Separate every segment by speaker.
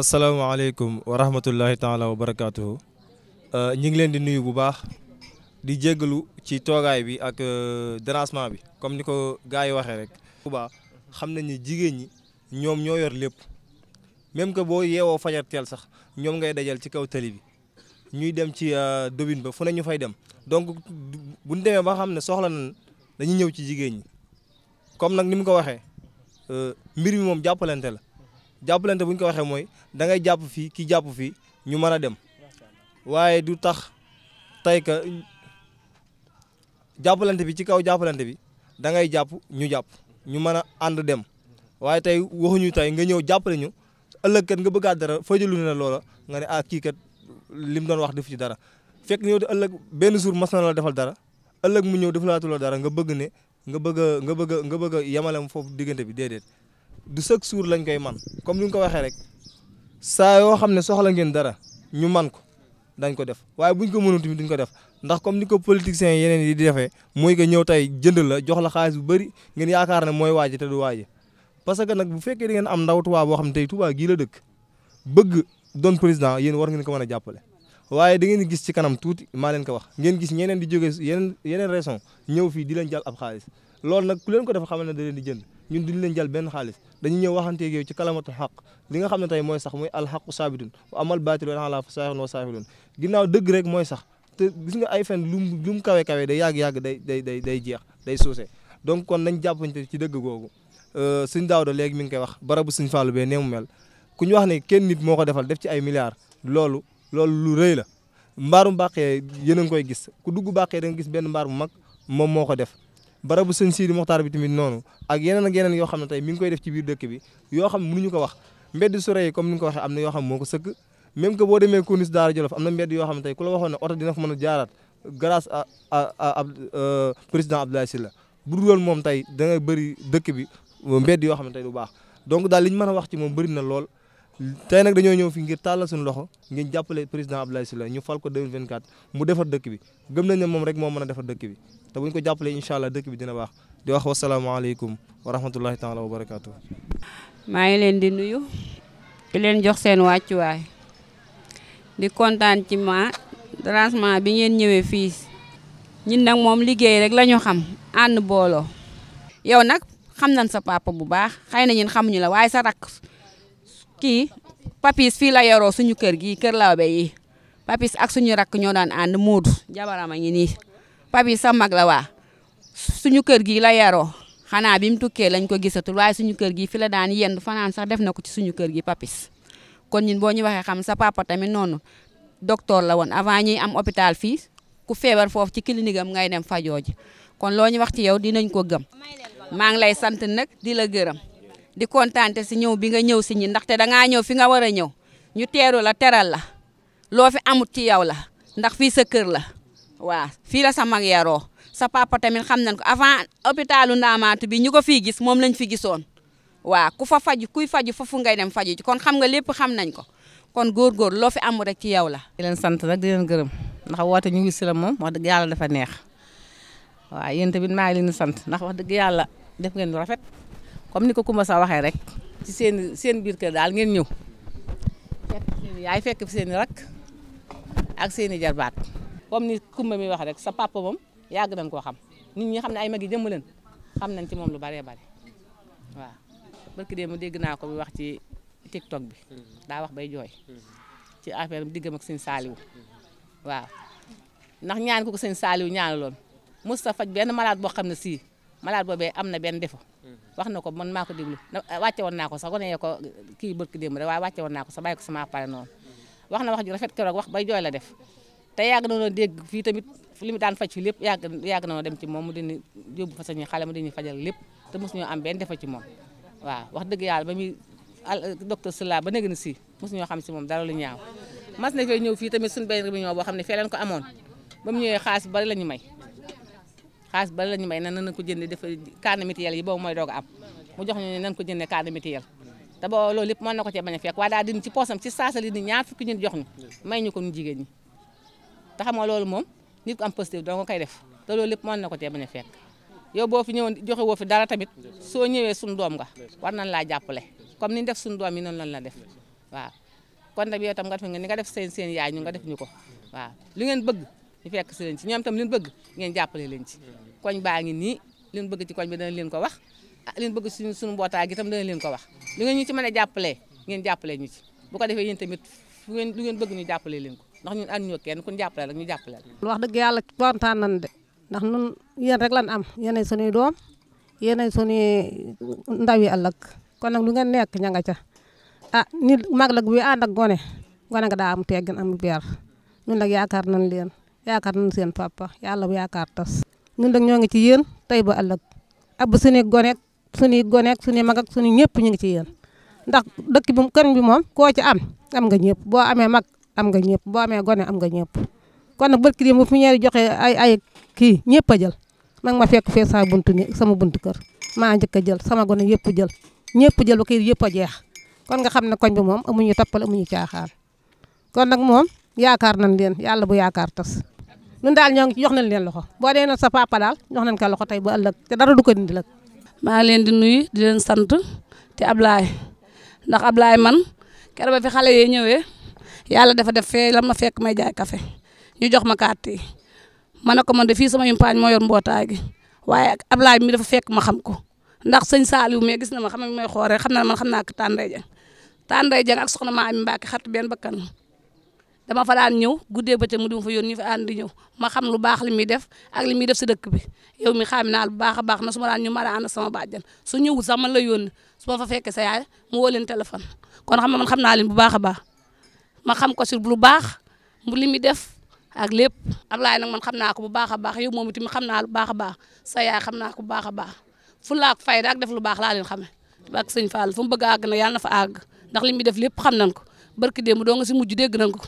Speaker 1: asalaamaaleykum wa rahmatullahi taala wa barakaatuhu euh, ñu ngi leen di nuyu bu baax di jéggalu ci toogaay bi ak euh, dérangement bi comme ni ko gars yi waxee rek. bu baax xam nañ ni jigéen ñi ñoom ñoo yor lépp même que boo yeewoo fajarteel sax ñoom ngay dajal ci kaw tali bi ñuy dem ci euh, dobin ba fu ne ñu fay dem donc bu ñu demee ba xam ne soxla nañ dañuy ñëw ci jigéen ñi comme nag ni mu ko waxee mbir mi moom jàppalante la. jàppalante bu ñu ko waxee mooy dangay ngay jàpp fii ki jàpp fii ñu mën a dem waaye du tax tey ka jàppalante bi ci kaw jàppalante bi dangay ngay jàpp ñu jàpp ñu mën a ànd dem waaye tey waxuñu tey nga ñëw jàppale ñu ëllëg kat nga bëggaat dara fajalu ne loola nga ne ah kii kat lim doon wax def ci dara fekk ñëw di ëllëg benn suur mas la defal dara ëllëg mu ñëw defalaatu la dara nga bëgg ne nga bëgg a nga bëgg nga bëgg a yemale foofu diggante bi déedéet du chaque jour lañ koy man comme ni nga ko waxee rek saa yoo xam ne soxla ngeen dara ñu man ko dañ ko def waaye buñ ko mënoon tamit duñ ko def ndax comme ni ko politiciens yeneen yi di defee mooy que ñëw tey jënd la jox la xaalis bu bëri ngeen yaakaar ne mooy waaji te du waaji parce que nag bu fekkee da ngeen am ndaw boo xam ne tey Touba gii la dëkk bëgg doon président yéen war ngeen ko mën a jàppale waaye da ngeen gis ci kanam tuuti maa leen ko wax ngeen gis ñeneen di jóge yeneen yeneen raison ñëw fii di leen jàll ab xaalis loolu nag ku leen ko dafa xam ne da leen di jënd ñun duñ leen jël benn xaalis dañu ñëw waxanteeg yow ci kalamatul xaq li nga xam ne tey mooy sax muy alxaqu saabitun wa amal baatil wa ala fa saahirun wa saahirun ginnaaw dëgg rek mooy sax te gis nga ay fen lum lu mu kawe kawe day yàgg-yàgg day day day day jeex day suuse donc kon nañ jàppante ci dëgg googu euh, suñ daaw da léegi mi ngi koy wax barabu suñ fàllu bee nee mu mel ku ñu wax ne kenn nit moo ko defal def ci ay milliards loolu loolu lu rëy la mbaaru mbàqee yéen a ngi koy gis ku dugg mbàqee da nga gis benn mbaar bu mag moom moo ko def barabu sëñ Sidi Moxtaar bi tamit noonu ak yeneen ak yeneen yoo xam ne tey mi ngi koy def ci biir dëkk bi yoo xam ne mënuñu ko wax mbedd su rëy comme ni nga ko waxee am na yoo xam moo ko sëkk même que boo demee Corniche Daara Jolof am na mbedd yoo xam ne tey ku la waxoon ne oto dina fa mën a jaaraat grâce euh, président Abdoulaye Sylla bu dul moom tey dangay bëri dëkk bi mbedd yoo xam ne tey du baax donc daal li ñu mën wax ci moom bëri na lool tey nag dañoo ñëw fi ngir tàllal suñu loxo ngir jàppale président Abdoulaye Sylla ñu fal ko 2024 mu defar dëkk bi gëm nañ ne moom rek moo mën a defar dëkk bi te buñ ko jàppalee incha allah dëkk bi dina baax di wax wasalaamaaleykum wa rahmatullahi taala wa barakaatu.
Speaker 2: maa ngi leen di nuyu di leen jox seen wàccuwaay di kontaan ci ma dérangement bi ngeen ñëwee fii ñun nag moom liggéey rek la ñu xam ànd booloo yow nag xam nañ sa papa bu baax xëy na ñun xamuñu la waaye sa rakk. kii papis fii la yoroo suñu kër gi kër lawbe yi papis ak suñu rakk ñoo daan ànd Moodu a ngi nii papis sa mag la waa suñu kër gi la yaroo xanaa bi mu tukkee lañ ko gisatul waaye suñu kër gi fi la daan yendu fanaan sax def na ko ci suñu kër gi papis kon ñun boo ñu waxee xam sa papa tamit noonu docteur la woon avant ñuy am hôpital fii ku feebar foofu ci clinique am ngay dem fajoo ji kon loo ñu wax ci yow dinañ ko gëm maa ngi lay sant nag di la gërëm di kontaante si ñëw bi nga ñëw si ñi ndaxte dangaa ñëw fi nga war a ñëw ñu teeru la teral la loo fi amut ci yow la ndax fii sa kër la waa fii la sa mag yaroo sa papa tamit xam nañ ko avant hôpitalu Ndaamaatu bi ñu ko fii gis moom lañ fi gisoon waaw ku fa faj kuy faj foofu ngay dem faju ji kon xam nga lépp xam nañ ko kon góor-góor loo fi amul rek ci yow la.
Speaker 3: di leen sant rek di leen gërëm ndax woote ñu ngi si la moom wax dëgg yàlla dafa neex waa yéen tamit maa sant ndax dëgg yàlla def ngeen lu rafet. comme ni ko Coumba Sow waxee rek ci seen seen biir kër daal ngeen ñëw fekk seen yaay fekk seen rak ak seen jarbaat comme ni Coumba mi wax rek sa papa moom yàgg nañ koo xam nit ñi xam ne ay mag i jëmm leen xam nañ ci moom lu baree bari waaw barki dee mu dégg naa ko mu wax ci tiktok bi daa wax bay jooy ci affaire bi diggam ak sëñ saaliw waaw ndax ñaan ko ko sëñ Saaliwu ñaanaloon mos sa faj benn malaat boo xam ne sii malade boobee am na benn défaut mm-hmm. wax na ko man maa ko déglu wàcce woon naa ko sax goneyee ko kii bërk démb rek waaye wàcce woon naa ko sax bàyyi ko sama pare noonu mm-hmm. wax na wax ju rafet keroog wax bay jooy la def te yàgg na doon dégg fii tamit li mu daan faj fi lépp yàgg yàgg na dem ci moom mu dini yóbbu fa sañuy xale mu dini fajal lépp te mosu ñoo am benn défaut ci moom waaw wax dëgg yàlla ba muy docteur Sylla ba negani si mosu ñoo xam si moom dara la ñaaw mas na fee ñëw fii tamit suñu benn boo xam ne fee ko amoon ba mu ñëwee xaalis bari la ñu may xaalis ba la ñu may na nan ko jënde dafa carnet mutuel yi boobu mooy doog am mu jox ñu nan ko jënde carnet mutuel te boo loolu lépp mën na ko cee bañ a fekk waaye daal din ci poosam ci saasali ni ñaar te xam nga loolu moom nit ko am positif doo nga koy def te loolu lépp mën na ko cee bañ a fekk yow boo fi ñëwoon joxe woo fi dara tamit soo ñëwee suñu doom nga war nañ laa jàppale comme ni ñu def suñu doom yi noonu lañ la def waaw kon nag yow tam nga def nga ni seen seen yaay ñu nga def ñu ko waaw li ngeen bëgg ñu fekk si leen ci ñoom itam li ñu bëgg ngeen jàppale leen ci koñ baa ngi nii li bëgg ci koñ bi dana leen ko wax ah li ñu bëgg suñu suñu mbootaay gi itam dana leen ko wax li ngeen ñu ci mën a jàppalee ngeen jàppale ñu ci bu ko defee yéen tamit fu ngeen ngeen bëgg ñu jàppale leen ko ndax ñun ànd ñoo kenn ku ñu jàppale rek ñu jàppale
Speaker 4: wax dëgg yàlla kontaan nañ de ndax nun yéen rek lan am yéenay suñuy doom yéenay suñuy ndaw yi ëllëg kon nag lu ngeen nekk ña nga ca ah nit mag la bu ànd ak gone gone nga daa am teggin am beer ñun nag yaakaar nañ leen yaakaar nañ seen papa yàlla bu yaakaar tas. ñun nag ñoo ngi ci yéen tey ba ëllëg ab suñuy gonek suñuy gonek suñuy mag ak suñuy ñëpp ñu ngi ci yéen ndax dëkk bi kër bi moom koo ci am am nga ñëpp boo amee mag am nga ñëpp boo amee gone am nga ñëpp kon nag barki démb bu fi ñeeri joxe ay ay kii ñëpp a jël mag ma fekk fee sama buntu ni sama buntu kër maa njëkk a jël sama gone yëpp jël ñëpp jël ba kii yëpp a jeex kon nga xam ne koñ bi moom amuñu tappal amuñu caaxaan yaakaar nañ leen yàlla bu yaakaar tas ñun daal ñoo ngi jox nañ leen loxo boo dee na sa papa daal jox nañ ko loxo tey ba
Speaker 5: ëllëg te dara du ko dindi lëg maa leen di nuyu di leen sant te Ablaye ndax Ablaye man keroog ba fi xale yee ñëwee yàlla dafa def fee la ma fekk may jaay café ñu jox ma carte yi ma ko man de fii sama yumpaañ moo yor mbootaay gi waaye Ablaye mi dafa fekk ma xam ko ndax sëñ Saliou mais gis na ma xam ne mooy xooree xam naa man xam naa ko Tandeye Dieng Tandeye Dieng soxna maa Ami Mbacke benn bakkan dama fa daan ñëw guddee ba ca mu dima fa yoon ñu fa ànd di ñëw ma xam lu baax li muy def ak li muy def si dëkk bi yow mi xam naa lu baax a na su ma daan ñëw ma daan ànd sama bàjjan su ñëwul sax man la yónni su fa fekkee sa yaay mu woo leen téléphone kon xam na man xam naa leen bu baax a baax ma xam ko si lu baax mu li muy def ak lépp Ablaye nag man xam naa ko baax a baax yow moom itam xam naa baax a baax sa yaay xam naa ko bu baax a baax fu laak fayda ak def lu baax laa leen xamee ak sëñ Fall fu mu bëgg àgg na yàlla na fa àgg ndax li muy def lépp xam nañ ko barki démb doo nga si mujj dégg nañ ko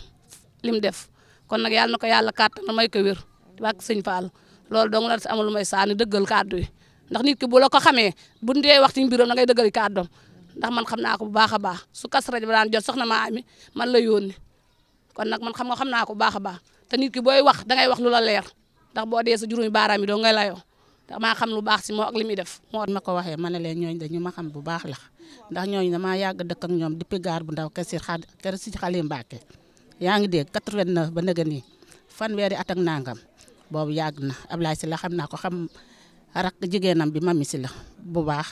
Speaker 5: lim def kon nag yàlla na ko yàlla kàttan may ko wér wàkk sëñ Fall loolu dong la si amul may saani dëggal kàddu yi ndax nit ki bu la ko xamee bu ñu dee wax ci mbiram da ngay dëggal kàddoom ndax man xam naa ko bu baax a baax su kas rajo ba daan jot soxna maa mi man la yónni kon nag man xam nga xam naa ko bu baax te nit ki booy wax da ngay wax lu la leer ndax boo dee sa juróomi baaraam yi doo ngay layoo damaa xam lu baax si moo ak li muy def moo na ko waxee ma ne leen ñooñu dañu ma xam bu baax la ndax ñooñu damaa yàgg dëkk ak ñoom depuis gaar bu ndaw kesir xa kër si xale Mbàkke yaa ngi dee dégg 89 ba nëgë nii fanweeri at ak nangam boobu yàgg na Ablaye la xam naa ko xam rak jigéenam bi mami si la bu baax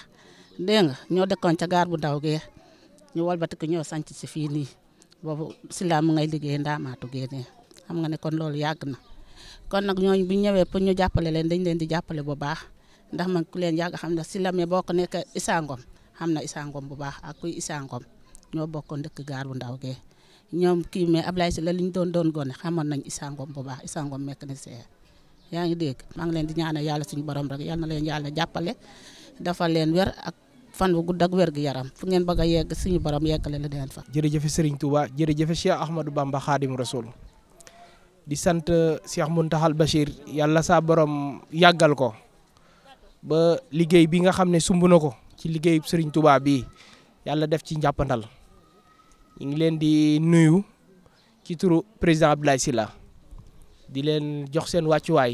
Speaker 5: dégg nga ñoo dëkkoon ca gaar bu ndaw gee ñu walbatiku ñoo sanc si fii nii boobu si la mu ngay liggéey ndaamaatu génnee xam nga ne kon loolu yàgg na kon nag ñooñu bu ñëwee pour ñu jàppale leen dañ leen di jàppale bu baax ndax man ku leen yàgg xam ne si la mais nekk Issa Ngom xam na Issa bu baax ak kuy Issa ñoo bokkoon dëkk gaar bu ndaw gee ñoom kii mais Ablaye si la li ñu doon doon gone xamoon nañ Issa Ngom bu baax Issa Ngom mécanicien yaa ngi dégg maa ngi leen di ñaanal yàlla suñu borom rek yal na leen yàlla jàppale dafa leen wer ak fan bu gudd ak gu yaram fu ngeen bëgg yegg suñu
Speaker 6: borom yeggale la deen fa. jërëjëf Serigne Touba jërëjëf Cheikh Ahmadou Bamba Khadim Rasoul di sant Cheikh Mountakhal Bachir yàlla saa borom yàggal ko ba liggéey bi nga xam ne sumb ko ci liggéey Serigne Touba bii yàlla def ci njàppandal. ñu ngi leen di nuyu ci turu président Abdoulaye Sylla di leen jox seen wàccuwaay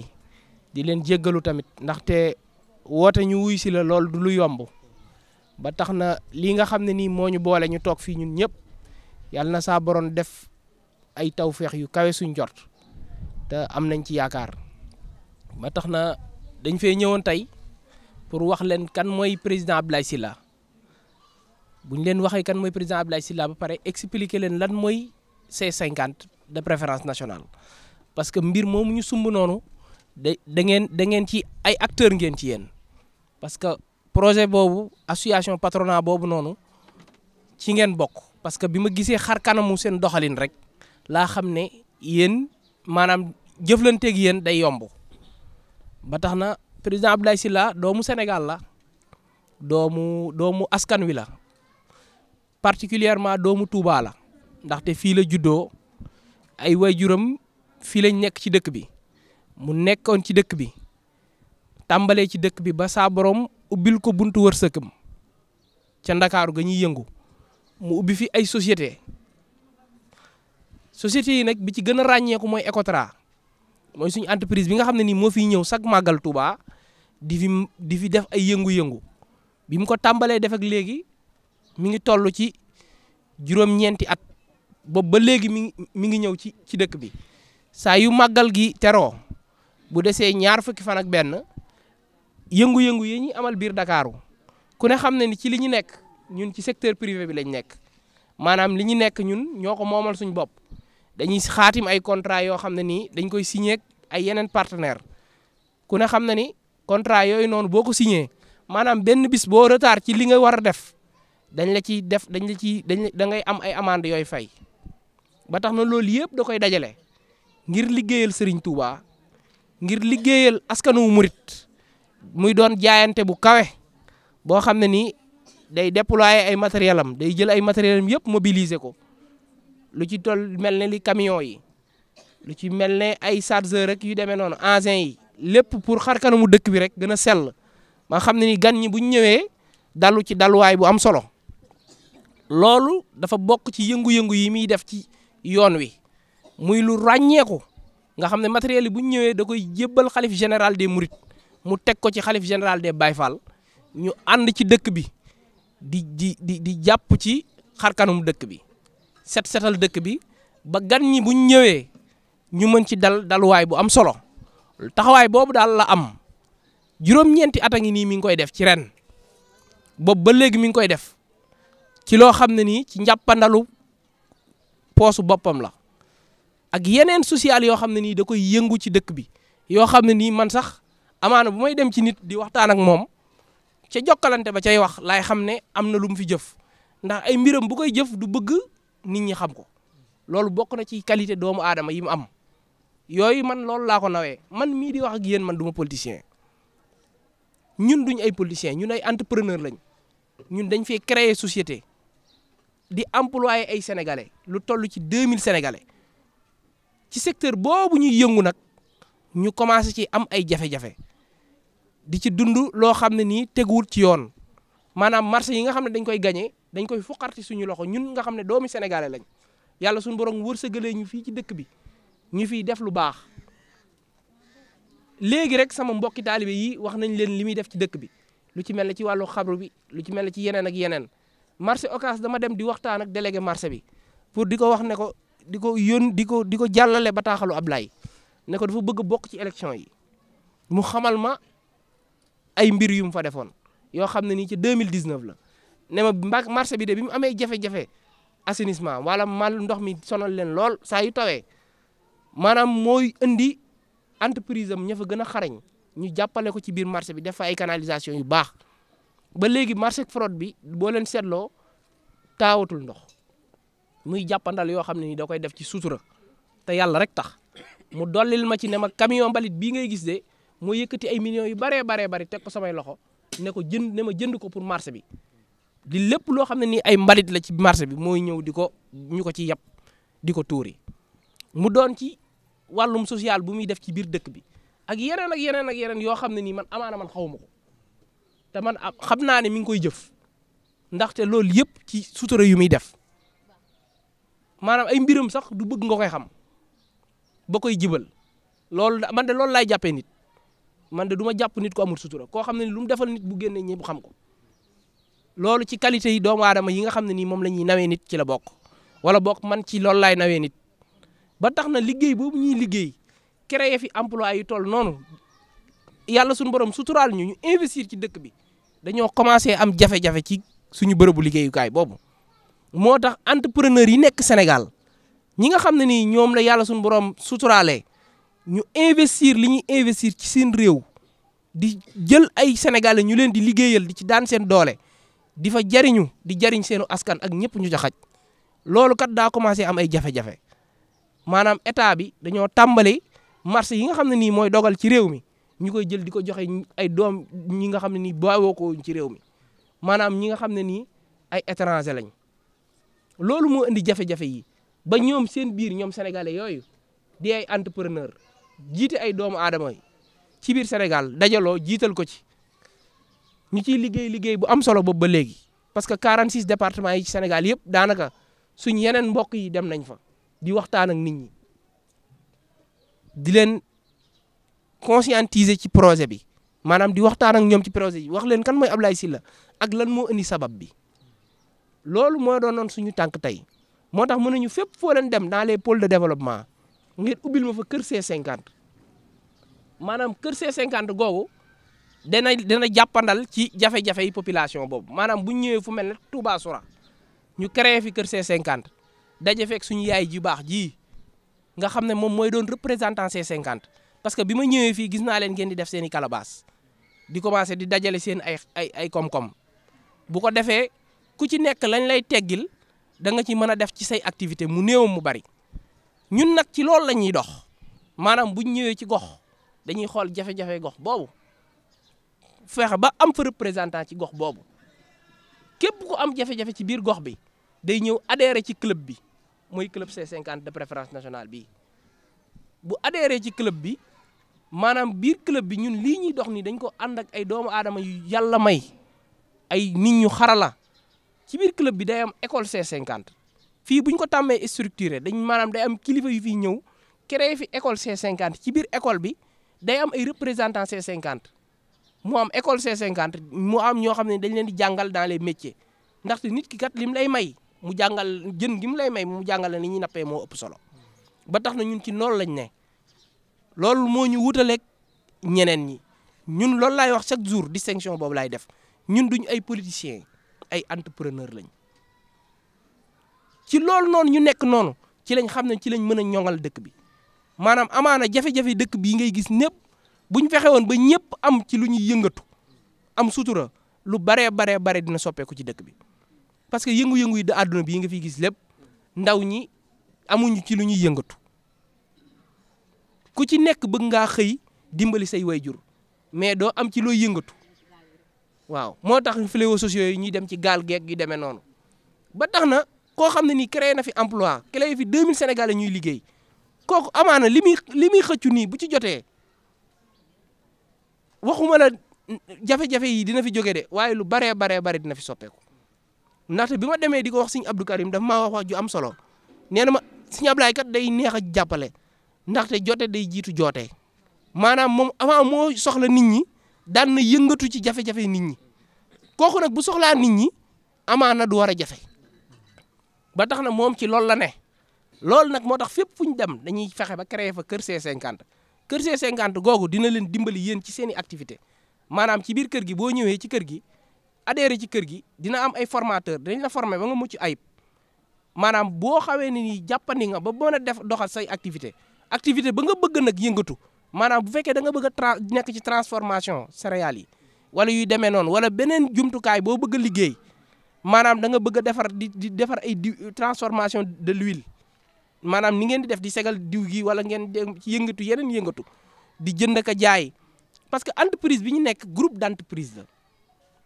Speaker 6: di leen jéggalu tamit ndaxte woote ñu wuy si lool du lu yomb ba tax na lii nga xam ne nii moo ñu boole ñu toog fii ñun ñëpp yàlla na saa borom def ay tawféex yu kawe suñ jot te am nañ ci yaakaar ba tax na dañ fee ñëwoon tey pour wax leen kan mooy président Abdoulaye Sylla bu ñu leen waxee kan mooy président Abdoulaye Sylla ba pare expliquer leen lan mooy c cinquante de préférence nationale parce que mbir moomu ñu sumb noonu da da ngeen da ngeen ci ay acteurs ngeen ci yéen parce que projet boobu association patronat boobu noonu ci ngeen bokk parce que bi ma gisee xar kanamu seen doxalin rek laa xam ne yéen maanaam jëflanteeg yéen day yomb ba tax na président Abdoulaye Sylla doomu Sénégal la doomu doomu askan wi la. particulièrement doomu Touba la ndaxte fii la juddoo ay waajuram fii lañ nekk ci dëkk bi mu nekkoon ci dëkk bi tàmbalee ci dëkk bi ba saa borom ubbil ko buntu wërsëkam ca ndakaaru ga ñuy yëngu mu ubbi fi ay société sociétés yi nag bi ci gën a ràññeeku mooy Ecotra mooy suñu entreprise bi nga xam ne nii moo fiy ñëw chaque màggal Touba di fi di fi def ay yëngu-yëngu bi mu ko tàmbalee def ak léegi mi ngi toll ci juróom-ñeenti at bob ba léegi mi ngi mi ngi ñëw ci ci dëkk bi saa yu màggal gi teroo bu desee ñaar fukki fan ak benn yëngu-yëngu yi amal biir Dakaaru ku ne xam na ni ci li ñu nekk ñun ci secteur privé bi lañ nekk maanaam li ñu nekk ñun ñoo ko moomal suñu bopp dañuy xaatim ay contrat yoo xam ne nii dañ koy signé ay yeneen partenaire ku ne xam na ni contrat yooyu noonu boo ko signé maanaam benn bis boo retard ci li nga war a def dañ la ciy def dañ la ciy dañ da ngay am ay amande yooyu fay ba tax na loolu yëpp da koy dajale ngir liggéeyal Serigne Touba ngir liggéeyal askanu murit muy doon jaayante bu kawe boo xam ne ni day déployer ay matériel am day jël ay matériel am yëpp mobiliser ko lu ci toll mel ne li camion yi lu ci mel ne ay chargeur rek yu demee noonu engins yi lépp pour xar kanamu dëkk bi rek gën a sell ma xam ne ni gan ñi bu ñëwee dalu ci daluwaay bu am solo. loolu dafa bokk ci yëngu-yëngu yi muy def ci yoon wi muy lu ràññeeku nga xam ne matériel yi bu ñëwee da koy jébbal xalif général de murit mu teg ko ci xalif général des Baye Fall ñu ànd ci dëkk bi di di di di jàpp ci xarkanum dëkk bi set setal dëkk bi ba gan ñi bu ñëwee ñu mën ci dal daluwaay bu am solo taxawaay boobu daal la am juróom-ñeenti at a ngi nii mi ngi koy def ci ren boobu ba léegi mi ngi koy def. ci loo xam ne nii ci njàppandalu poosu boppam la ak yeneen sociale yoo xam ne nii da koy yëngu ci dëkk bi yoo xam ne nii man sax amaana bu may dem ci nit di waxtaan ak moom ca jokkalante ba cay wax laay xam ne am na lu mu fi jëf ndax ay mbiram bu koy jëf du bëgg nit ñi xam ko loolu bokk na ci qualité doomu aadama yi mu am yooyu man loolu laa ko nawee man mii di wax ak yéen man du ma politicien ñun duñ ay politicien ñun ay entrepreneur lañ ñun dañ fee créer société di employé ay sénégalais lu toll ci 2000 sénégalais ci secteur boobu ñu yëngu nag ñu commencé ci am ay jafe-jafe di ci dund loo xam ne nii teguwut ci yoon maanaam marché yi nga xam ne dañ koy gagné dañ koy fuqarti suñu loxo ñun nga xam ne doomi sénégalais lañ yàlla suñu borom wërsëgalee ñu fii ci dëkk bi ñu fi def lu baax léegi rek sama mbokki taalibe yi wax nañ leen li muy def ci dëkk bi lu ci mel ne ci wàllu xabru bi lu ci mel ne ci yeneen ak yeneen. marché Ocass dama dem di waxtaan ak délégué marché bi pour di ko wax ne ko di ko yón di ko di ko jàllale bataaxalu Ablaye ne ko dafa bëgg bokk ci élection yi mu xamal ma ay mbir yu mu fa defoon yoo xam ne nii ci mille 2019 la ne ma marché bi de bi mu amee jafe-jafe assainissement wala mal ndox mi sonal leen lool saa yu tawee maanaam mooy indi entreprise am ña fa gën a xarañ ñu jàppale ko ci biir marché bi def fa ay canalisation yu baax ba léegi marché fraude bi boo leen seetloo taawatul ndox muy jàppandal yoo xam ne ni da koy def ci sutura te yàlla rek tax mu dollil ma ci ne ma camion mbalit bii ngay gis de moo yëkkati ay millions yu baree baree bari teg ko samay loxo ne ko jënd ne ma jënd ko pour marché bi di lépp loo xam ne nii ay mbalit la ci marché bi mooy ñëw di ko ñu ko ci yàpp di ko tuuri mu doon ci wàllum social bu muy def ci biir dëkk bi ak yeneen ak yeneen ak yeneen yoo xam ne nii man amaana xaw ma te man xam naa ne mi ngi koy jëf ndaxte loolu yëpp ci sutura yu muy def maanaam ay mbiram sax du bëgg nga koy xam ba koy jibal loolu man de loolu lay jàppee nit man de duma ma jàpp nit ko amul sutura koo xam ne ni lu defal nit bu ñi bu xam ko loolu ci qualité yi doomu aadama yi nga xam ne nii moom la ñuy nawee nit ci la bokk wala bokk man ci loolu laay nawee nit ba tax na liggéey boobu ñuy liggéey créer fi emploi ay toll noonu yàlla sunu borom suturaal ñu ñu investir ci dëkk bi dañoo commencé am jafe-jafe ci suñu bërëbu liggéeyukaay boobu moo tax entrepreneur yi nekk Sénégal ñi nga xam ne ni ñoom la yàlla suñu borom suturaalee ñu investir li ñu investir ci seen réew di jël ay sénégalais ñu leen di liggéeyal di ci daan seen doole di fa jariñu di jariñ seenu askan ak ñëpp ñu jaxaj loolu kat daa commencé am ay jafe-jafe maanaam état bi dañoo tàmbali marché yi nga xam ne nii mooy dogal ci réew mi ñu koy jël di ko joxe ay doom ñi nga xam ne nii baawoo ko ci réew mi maanaam ñi nga xam ne nii ay étranger lañ loolu moo indi jafe-jafe yi ba ñoom seen biir ñoom sénégalais yooyu di ay entrepreneur jiite ay doomu aadama yi ci biir Sénégal dajaloo jiital ko ci ñu ciy liggéey liggéey bu am solo boobu ba léegi parce que 46 départements yi ci Sénégal yëpp daanaka suñ yeneen mbokk yi dem nañ fa di waxtaan ak nit ñi di conscientiser ci projet bi maanaam di waxtaan ak ñoom ci projet bi wax leen kan mooy Ablaye Sylla ak lan moo indi sabab bi loolu moo doonoon suñu tànk tey moo tax mën nañu fépp foo leen dem dans les pôles de développement ngeen ubbil ma fa kër C50 maanaam kër c cinquante googu dana dana jàppandal ci jafe-jafe yi population boobu maanaam bu ñëwee fu mel ne Touba Soura ñu créé fi kër c cinquante daje fekk suñu yaay ji baax ji nga xam ne moom mooy doon représentant c parce que bi ma ñëwee fii gis naa leen ngeen di def seen i calebasse di commencé di dajale seen ay ay ay koom bu ko defee ku ci nekk lañ lay teggil da nga ci mën a def ci say activité mu néew mu bari ñun nag ci loolu lañuy dox maanaam buñ ñëwee ci gox dañuy xool jafe-jafe gox boobu fexe ba am fa représentant ci gox boobu képp ku am jafe-jafe ci biir gox bi day ñëw adhéré ci club bi mooy club c de préférence nationale bi bu adhéré ci club bi maanaam biir club bi ñun lii ñuy dox ni dañ ko ànd ak ay doomu aadama yu yàlla may ay nit ñu xarala ci biir club bi day am école C50 fii bu ñu ko tàmmee structuré dañ maanaam day am kilifa yu fiy ñëw créé fi école C50 ci biir école bi day am ay représentant C50 mu am école C50 mu am ñoo xam ne dañ leen di jàngal dans les métiers ndaxte nit ki kat lim lay may mu jàngal jën gi mu lay may mu jàngal ni ñuy nappee moo ëpp solo ba tax na ñun ci noonu lañ ne. loolu moo ñu wutaleeg ñeneen ñi ñun loolu laay wax chaque jour distinction boobu laay def ñun duñ ay politiciens ay entrepreneur lañ ci loolu noonu ñu nekk noonu ci lañ xam ne ci lañ mën a ñoŋal dëkk bi maanaam amaana jafe-jafe dëkk bii ngay gis ñëpp buñ fexe woon ba ñëpp am ci lu ñuy yëngatu am sutura lu baree baree bare dina soppeeku ci dëkk bi parce que yëngu-yëngu yi da àdduna bii nga fi gis lépp ndaw ñi amuñu ci lu ñuy yëngatu ku ci nekk bëgg ngaa xëy dimbali say jur mais doo am ci looy yëngatu waaw moo tax fléaux sociaux yi ñuy dem ci gaal geeg gi demee noonu ba tax na koo xam ne nii créé na fi emploi créé fi 2000 Sénégalais ñuy liggéey kooku amaana li muy li muy xëccu nii bu ci jotee waxuma la jafe-jafe yi dina fi jóge de waaye lu bare baree bare dina fi soppeeku ndaxte bi ma demee di ko wax Sëñ Abdou Karim daf maa wax wax ju am solo nee na ma Sëñ Ablaye kat day neex a jàppale. ndaxte jote day jiitu joote maanaam moom avant moo soxla nit ñi daan na yëngatu ci jafe-jafe nit ñi kooku nag bu soxlaa nit ñi na du war a jafe ba tax na moom ci loolu la ne loolu nag moo tax fépp fu ñu dem dañuy fexe ba créer fa kër C50 kër C50 googu dina leen dimbali yéen ci seen i activité maanaam ci biir kër gi boo ñëwee ci kër gi adhéré ci kër gi dina am ay formateur dañ la former ba nga mucc ayib maanaam boo xawee ne nii jàppandi nga ba mën a def doxal say activité activité ba nga bëgg nag yëngatu maanaam bu fekkee da nga bëgg a tra nekk ci transformation céréales yi wala yuy demee noonu wala beneen jumtukaay boo bëgg liggéey maanaam da nga bëgg a defar di di defar ay transformation de l'huile maanaam ni ngeen di def di segal diw gi wala ngeen yëngatu yeneen yëngatu di jënd ak a jaay parce que entreprise bi ñu nekk groupe d'entreprise la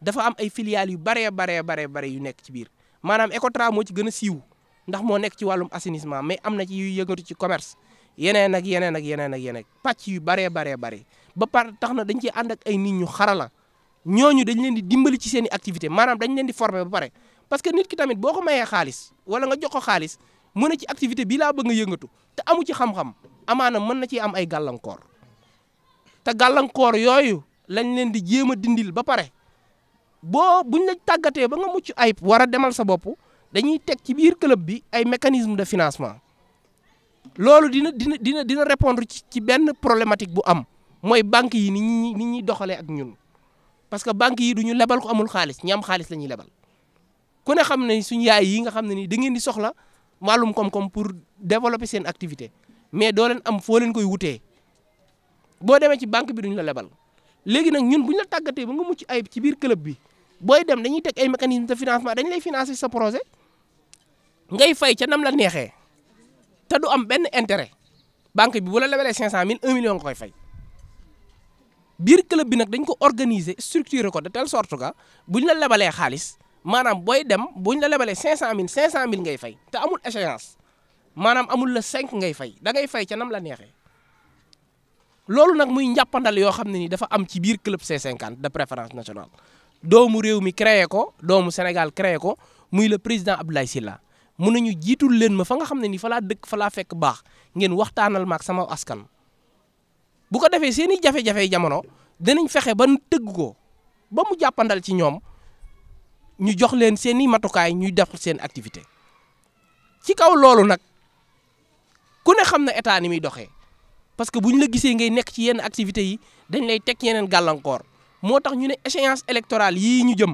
Speaker 6: dafa am ay filiales yu baree baree baree bare yu nekk ci biir maanaam Ecotra moo ci gën a siiw ndax moo nekk ci wàllum assainissement mais am na ci yuy yëngatu ci commerce yeneen ak yeneen ak yeneen ak yeneen pàcc yu baree baree bare ba par tax na dañ ci ànd ak ay nit ñu xarala ñooñu dañ leen di dimbali ci seen i activité maanaam dañ leen di former pare parce que nit ki boo ko mayee xaalis wala nga jox ko xaalis mu ne ci activité bii laa bëgg nga yëngatu te amu ci xam-xam amaana mën na ciy am ay gàllankoor te gàllankoor yooyu lañ leen di jéem a dindil ba pare boo buñ la tàggatee ba nga mucc ay war a demal sa bopp dañuy teg ci biir club bi ay mécanisme de financement loolu dina dina dina dina répondre ci ci benn problématique bu am mooy banque yi ni ñuy ni ñuy doxalee ak ñun parce que banques yi du ñu lebal ko amul xaalis ñi xaalis lañuy ñuy lebal ku ne xam ne suñu yaay yi nga xam ne ni da ngeen di soxla maalum koom-koom pour développer seen activité mais doo leen am foo leen koy wutee boo demee ci banque bi duñ la lebal léegi nag ñun buñ la tàggatee ba nga mucc ay ci biir club bi booy dem dañuy teg ay mécanisme de financement dañ lay financer sa projet ngay fay ca nam la neexee. te du am benn intérêt banque bi bu la lebalee 500000 1 million nga koy fay biir club bi nag dañ ko organiser structurer ko de telle sorte que buñ la lebalee xaalis maanaam booy dem buñ la lebalee 500000 500000 ngay fay te amul échéance maanaam amul la 5 ngay fay da ngay fay ca nam la neexee loolu nag muy njàppandal yoo xam ne ni dafa am ci biir club C50 de préférence nationale doomu réew mi créé ko doomu Sénégal créé ko muy le président Abdoulaye Sylla mun nañu jiitul leen ma fa nga xam ne nii fa laa dëkk fa laa fekk baax ngeen waxtaanal ma sama askan. bu ko defee seen i jafe-jafe jamono danañ fexe ba tëgg ko ba mu jàppandal ci ñoom ñu jox leen seen i matukaay ñuy def seen activité ci kaw loolu nag ku ne xam ne état ni muy doxee. parce que bu ñu la gisee ngay nekk ci yenn activités yi dañ lay teg yeneen gàllankoor moo tax ñu ne échéance électorale yii ñu jëm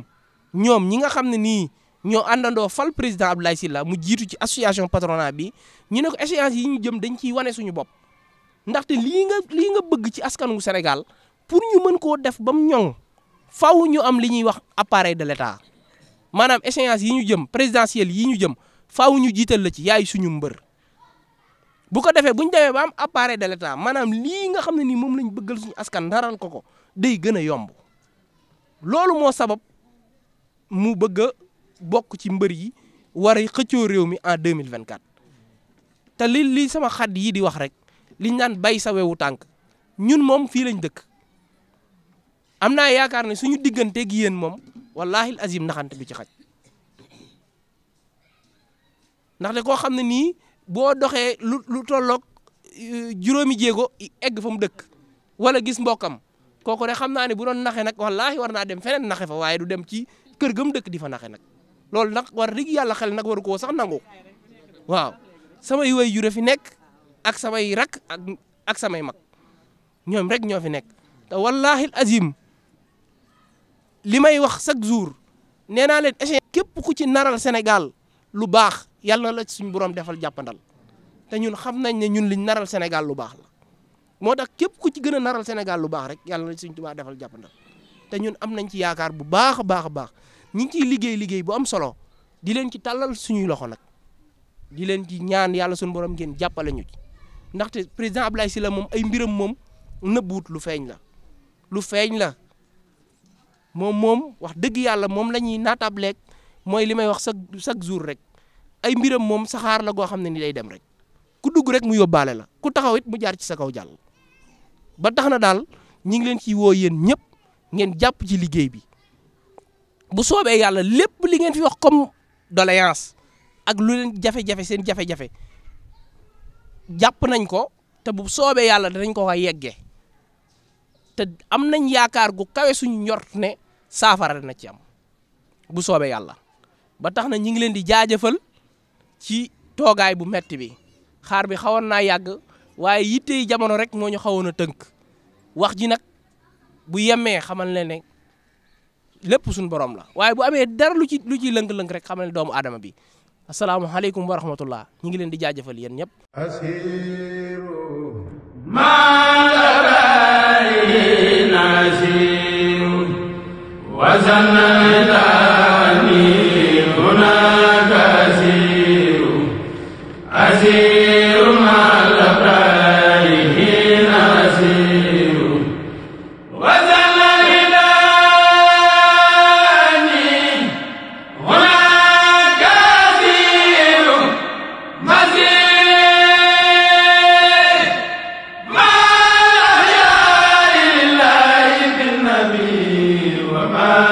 Speaker 6: ñoom ñi nga xam ne nii ñoo àndandoo fal président Abdoulaye Sylla mu jiitu ci association patronat bi ñu ne ko échéance yi ñu jëm dañ ciy wane suñu bopp ndaxte lii nga lii nga bëgg ci askan askanu Sénégal pour ñu mën koo def ba mu ñoŋ faw ñu am li ñuy wax appareil de l'État maanaam échéance yi ñu jëm présidentielle yi ñu jëm faw ñu jiital la ci yaay suñu mbër bu ko defee bu ñu demee ba am appareil de l'État maanaam lii nga xam ne nii moom lañ bëggal suñu askan daral ko ko day gën a yomb loolu moo bokk ci mbër yi war a xëccoo réew mi en 2024 te li li sama xadd yii di wax rek liñ naan bay sa wewu tànk ñun moom fii lañ dëkk am naa yaakaar ne suñu digganteeg yéen moom wallahi azim naxante bi ci xaj ndaxte koo xam ne nii boo doxee lu lu tolloog euh, juróomi jéego egg fa mu dëkk wala gis mbokkam kooku ne xam naa ne bu doon naxe nag wallahi war naa dem feneen naxe fa waaye du dem ci kër ga mu dëkk di fa naxe nag loolu nag war dëgg yàlla xel nag waru koo sax nangu waaw samay waajur fi nekk ak samay rak ak ak samay mag ñoom rek ñoo fi nekk te wallaahi azim li may wax chaque jour nee naa leen échec képp ku ci naral senegal lu baax yàlla na la suñu borom defal jàppandal te ñun xam nañ ne ñun liñ naral senegal lu baax la moo tax képp ku ci gën a naral senegal lu baax rek yàlla na la suñu defal jàppandal te ñun am nañ ci yaakaar bu baax a baax a baax. ñi ngi ciy liggéey liggéey bu am solo di leen ci tàllal suñuy loxo nag di leen ci ñaan yàlla suñu borom ngeen jàppale ñu ci ndaxte président si la moom ay mbiram moom nëbbuut lu feeñ la lu feeñ la moom moom wax dëgg yàlla moom la ñuy naatableeg mooy li may wax chaque chaque jour rek ay mbiram moom saxaar la goo xam ne ni day dem rek ku dugg rek mu yóbbaale la ku taxaw mu jaar ci sa kaw jàll ba tax na daal ñi ngi leen ciy woo yéen ñëpp ngeen jàpp ci liggéey bi bu soobee yàlla lépp li ngeen fi wax comme doléance ak lu leen jafe-jafe seen jafe-jafe jàpp nañ ko te bu soobee yàlla danañ ko wax yeggee te am nañ yaakaar gu kawe suñ njort ne saafara na ci am bu soobee yàlla ba tax na ñi ngi leen di jaajëfal ci toogaay bu metti bi xaar bi xawoon naa yàgg waaye yitte yi jamono rek moo ñu xawoon a tënk wax ji nag bu yemee xamal ne ne lépp suñu borom la waaye bu amee dara lu ci lu ciy lënk-lënk rek xam ne doomu adama bi asalaamualeykum wa rahmatullah ñu ngi leen di jaajëfal yéen ñëpp asiru
Speaker 4: maalarai
Speaker 6: nasiru wasanata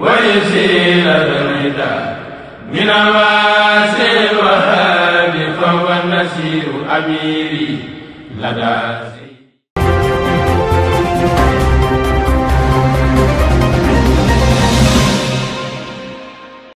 Speaker 6: ويزيل الرداء من واسع الوهاب فهو النسير أميري لدى